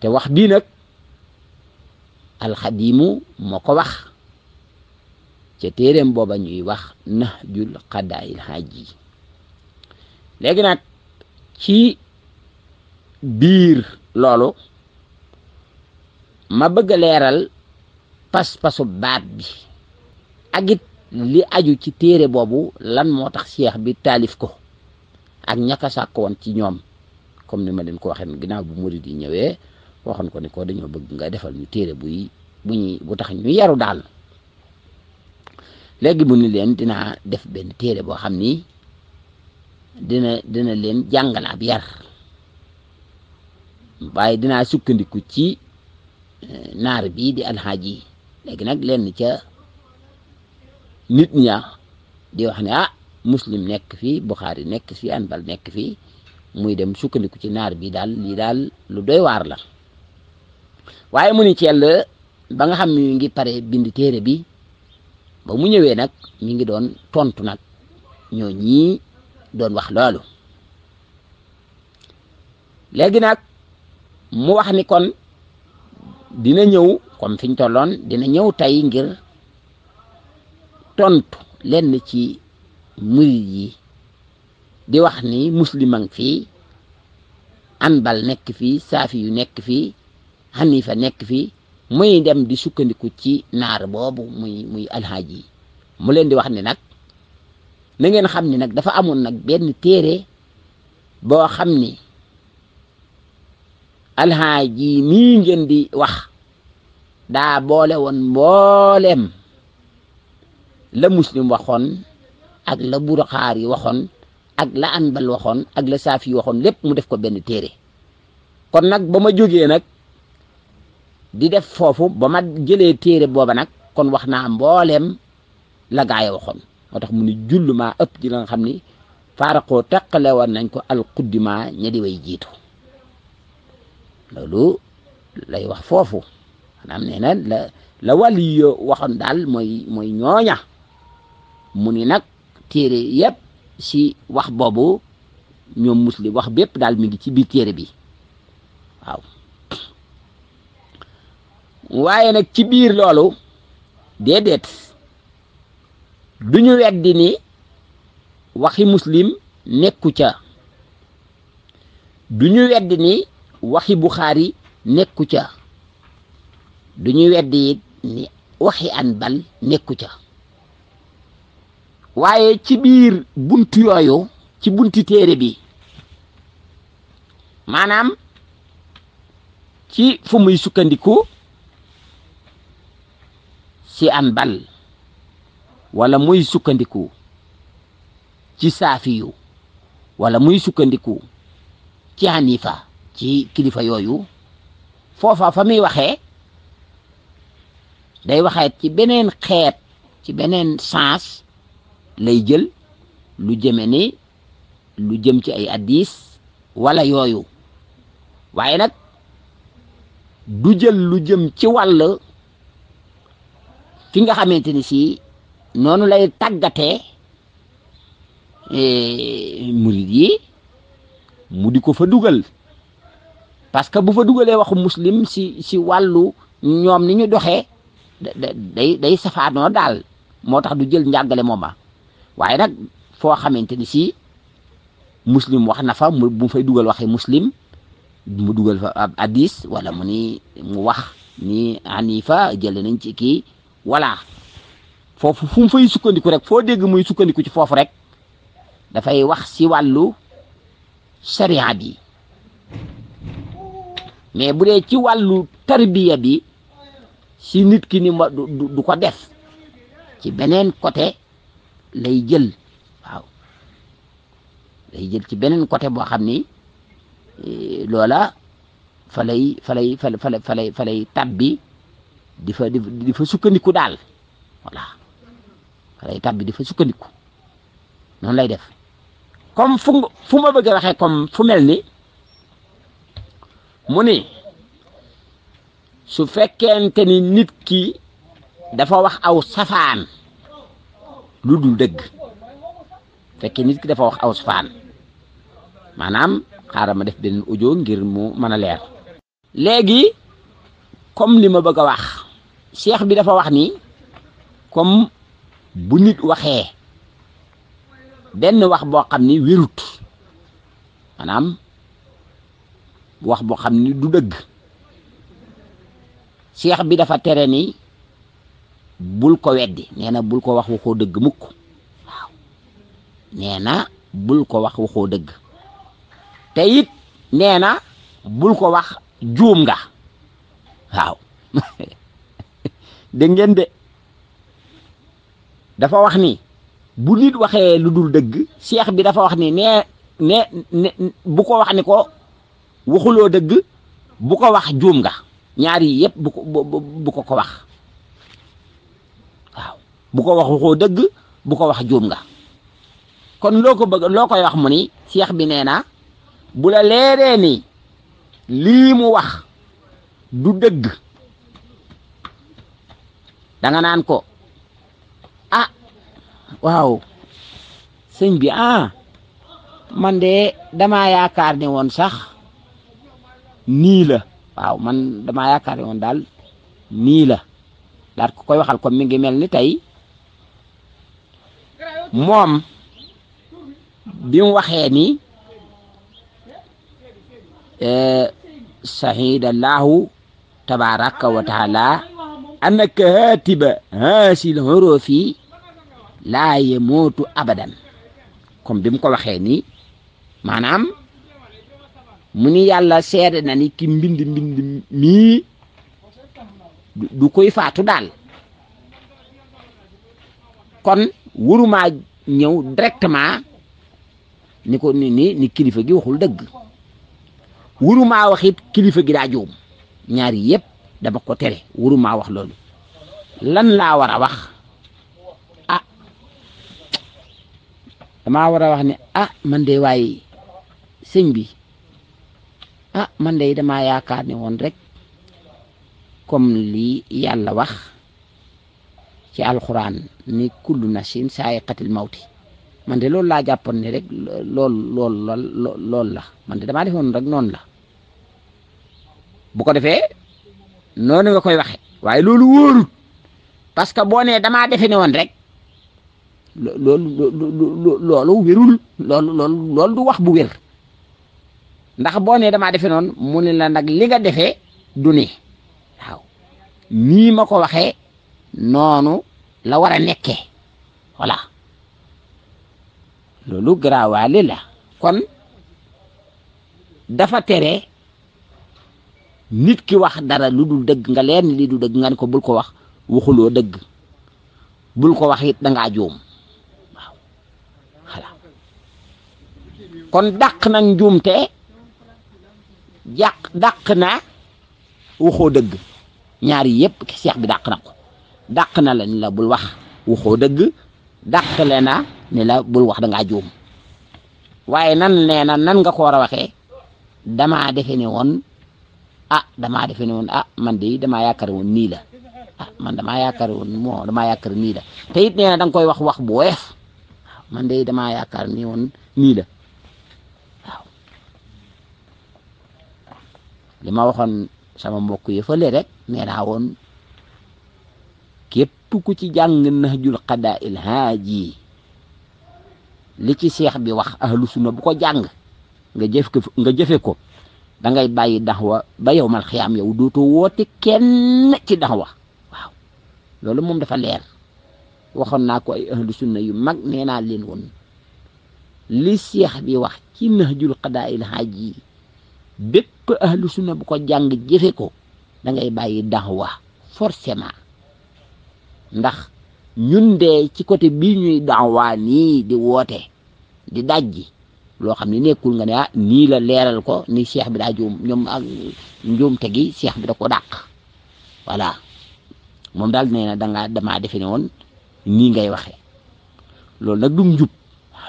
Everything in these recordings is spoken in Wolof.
te wax bii nag alxadimu moo ko wax ci téeréem booba ñuy wax nahjul xadaayil xaaj yi léegi nag ci biir loolu ma bëgg a leeral pas-pasu baat bi ak it li aju ci téere boobu lan moo tax seex bi taalif ko ak ñaka sàkk woon ci ñoom comme ni ma leen ko waxee ginnaaw bu murid di ñëwee waxoon ko ne ko dañoo bëgg nga defal ñu téere buy bu ñu bu tax ñu yaru daal léegi bu ni leen dinaa def benn téere boo xam ni dina dina leen jàngal ab yar waaye dinaa sukkandiku ci eh, naar bii di alxaaji léegi nag lenn ca nit ña di wax ne ah muslim nekk fii buxaari nekk fii anbal nekk fii muy dem sukkandiku ci naar bi daal lii daal lu doy waar la waaye mu ni Thiel ba nga xam ne mi ngi pare bindi téere bi ba mu ñëwee nag mi ngi doon tontu nag ñoo ñii doon wax loolu léegi nag mu wax ni kon dina ñëw kon fi ñu tolloon dina ñëw tey ngir tontu lenn ci murid yi di wax ni muslim a ngi fii anbal nekk fii saafi yu nekk fii fa nekk fii muy dem di sukkandiku ci naar boobu muy muy alxaaji mu leen di wax ni nag na ngeen xam ni nag dafa amoon nag benn téere boo xam ni alxaaji mii ngeen di wax daa boole woon mbooleem la muslim waxoon ak la buraxaar yi waxoon ak la anbal waxoon ak la saafi yi waxoon lépp mu def ko benn téere kon nag ba ma jógee nag di def foofu ba ma jëlee téere booba nag kon wax naa mbooleem la gaay waxoon moo tax mu ni jullu maa ëpp di la nga xam ni faaraqoo teqale woon nañ ko alquddima ña di way jiitu loolu lay wax foofu maanaam nee la la wàlli yo daal mooy mooy ñooña mu ni nag téere yépp si wax boobu ñoom muslim wax bépp daal mi ngi ci biir téere bi aw waaye nag ci biir loolu déedéet du ñu weddi ni waxi muslim nekku ca du ñu weddi ni waxi buxaari nekku ca du ñu weddi ni waxi anbal nekku ca waaye ci biir buntu yooyu ci bunti téere bi maanaam ci fu muy sukkandiku ci am bal wala muy sukkandiku ci saafiyu wala muy sukkandiku ci hanifa ci kilifa yooyu foofa fa muy waxe day waxeet ci beneen xeet ci beneen sens lay jël lu jëme ni lu jëm ci ay addis wala yooyu waaye nag du jël lu jëm ci wàll ki nga xamante ni si noonu lay tàggatee murid yi mu di ko fa dugal parce que bu fa dugalee waxu muslim si si wàllu ñoom ni ñu doxee day day safaanoo daal moo tax du jël njàngale mooma waaye nag foo xamante ni si muslim wax na fa mu fay dugal waxi muslim mu dugal fa ab wala mu ni mu wax ni Hanifa jële nañ ci kii voilà foofu fu fay sukkandiku rek foo dégg muy sukkandiku ci foofu rek dafay wax si wàllu sharia bi mais bu dee ci wàllu tarbiya bi si nit ki ni du ko def ci beneen côté lay jël waaw lay jël ci beneen côté boo xam ni eh, loola fa lay fa lay fa lay fa lay fa lay tàbbi di fa di fa sukkandiku daal voilà day tàbbi di fa sukkandiku noonu lay def comme fu ma bëgg a waxee comme fu mel ni mu ni su fekkente ni nit ki dafa wax aw safaan lu dul dëgg fekkee nit ki dafa wax aw safaan maanaam xaaral ma def benn audio ngir mu mën a leer léegi comme li ma bëgg a wax cheikh bi dafa wax ni comme bu nit waxee benn wax boo xam ni wérut maanaam wax boo xam ni du dëgg cheikh bi dafa tere ni bul ko weddi nee na bul ko wax waxoo dëgg mukk waaw nee na bul ko wax waxoo dëgg te it nee na bul ko wax juum nga waaw dégg ngeen de dafa wax ni bu nit waxee lu dul dëgg seex bi dafa wax ni nee ne ne bu ko wax ni ko waxuloo dëgg bu ko wax juum nga ñaar yi bu ko bu ko ko wax waaw bu ko wax waxoo dëgg bu ko wax juum nga kon loo ko bëgg loo koy wax mu ni seex bi nee naa bu la leeree ni lii mu wax du dëgg danga naan ko ah waaw sëñ bi ah man de dama yaakaar ne woon sax nii la waaw man dama yaakaar ne woon daal nii la daal ko koy waxal comme mi ngi mel ni tey moom bi waxee ni eh, sahidallahu tabaraka wa taala أن كهاتب هاش الحروف laa yemootu abadan comme bi mu ko waxee nii maanaam mu ni yàlla seede na ni ki mbind mbind mii du koy faatu daal kon warumaa ñëw directement ni ko ni ni kilifa gi waxul dëgg warumaa waxit kilifa gi daa juum ñaari yëpp dama ko tere warumaa wax loolu lan laa war a wax ah damaa war a wax ne ah man de waaye sëñ bi ah, man de damaa yaakaar ne woon rek comme lii yàlla wax ci alxuraan ni kullu nafsin saa'iqatul mawti man de loolu laa jàppoon ni rek lool lool la man de damaa defoon rek noonu la bu ko noonu nga koy waxe waaye loolu wóorut parce que boo nee damaa defe ne woon rek loolu loolu wérul loolu loolu wax bu wér ndax boo nee damaa defe noonu mu ne la nag li nga defee du ni waaw nii ma ko waxee noonu la war a nekkee voilà loolu garaawaale la kon dafa tere nit ki wax dara lu dul dëgg nga leen li du dëgg nga ni ko bul ko wax waxuloo dëgg bul ko wax it dangaa juum waaw voilà kon daq na njuumte jàq daq na waxoo dëgg ñaar yëpp ki seex bi dàq na ko dàq na la ni la bul wax waxoo dëgg dàq le na ni la bul wax dangaa juum waaye nan nee na nan nga ko war a waxee damaa defe ne woon ah damaa defe ne woon ah man de damaa yaakaar woon nii la ah man damaa yaakaar woon moo damaa yaakaar nii la te it nee na da nga koy wax wax bu weef man de damaa yaakaar nii woon nii la waaw li ma waxoon sama mbokk yi fële rek nee naa woon ku ci jàng nahjul qadaa il haaji li ci seex bi wax ahlu sunna bu ko jàng nga jëf nga jëfe ko da ngay bàyyi daxwa wa yow mal xiyaam yow dootoo woote kenn ci daxwa waaw loolu moom dafa leer waxoon naa ko ay ahlu sunna yu mag nee naa leen woon li seex bi wax ci nahjul qadaa'il haaj yi bépp ahlu sunna bu ko jàng jëfe ko da ngay bàyyi daxwa forcément ndax ñun de ci côté bii ñuy daxwaa nii di woote di dajji loo xam ne nekkul nga ne ah nii la leeral ko ni cheikh bi daa juum ñoom ak njuum gi cheikh bi da ko dàq voilà moom daal nee na dangaa damaa defe ne woon nii ngay waxe loolu nag dum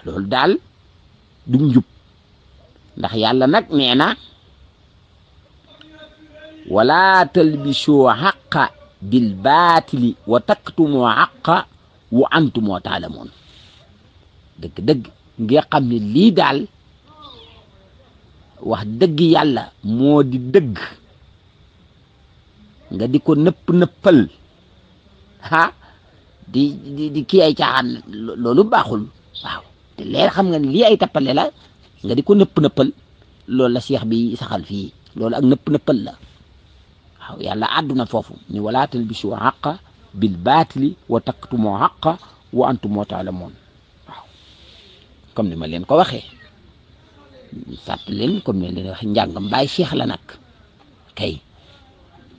loolu daal dum njub ndax yàlla nag nee na wala talbisu xaqa bil baatili wa taktumu xaqa wa antumoo taalamoon dëgg-dëgg nga xam ne lii daal wax dëgg yàlla moo di dëgg nga di ko nëpp nëppal ah di di di kii ay caaxaan loolu baaxul waaw te leer xam nga ne lii ay tappale la nga di ko nëpp nëppal loolu la seex bi saxal fii loolu ak nëpp nëppal la waaw yàlla na foofu ni walaa talbisu xaqa bil baatili wa taqtumu xaqa wa antum moo comme ni ma leen ko waxee fàtt leen comme ni ma leen waxee njàngam bàyyi seex la nag kay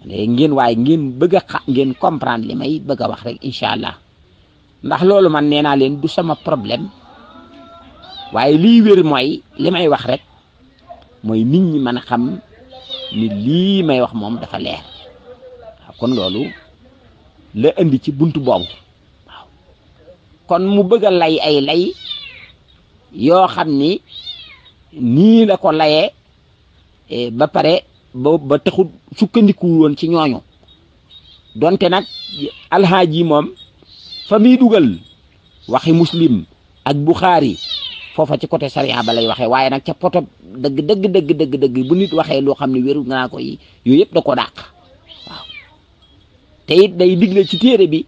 ngeen waaye ngeen bëgg a ngeen comprendre li may bëgg a wax rek incha allah ndax loolu man nee naa leen du sama problème waaye liy wér mooy li may wax rek mooy nit ñi mën a xam ni lii may wax moom dafa leer waaw kon loolu la indi ci buntu boobu kon mu bëgg lay ay lay yoo xam ni nii la ko laye eh, ba pare ba ba taxul sukkandiku woon ci ñooñu donte nag alxaaji moom fa muy dugal waxi muslim ak buxaari foofu ci côté sariya ba lay waxee waaye nag ca poto dëgg dëgg dëgg dëgg dëgg bu nit waxee loo xam ne wéru nga naa ko yi yooyu yëpp da ko dàq waaw it day digle ci téere bi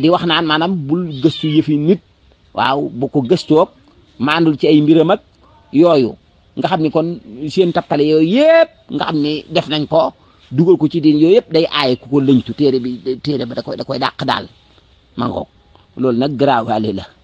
di wax naan maanaam bul gëstu yëfi nit waaw bu ko gëstoog maandul ci ay mbiram ak yooyu nga xam ni kon seen tappale yooyu yëpp nga xam ni def nañ ko dugal ko ci diin yooyu yëpp day aye ku ko lëñtu téere bi téere ba da koy da koy dàq daal ma ngoog loolu nag garaawaale la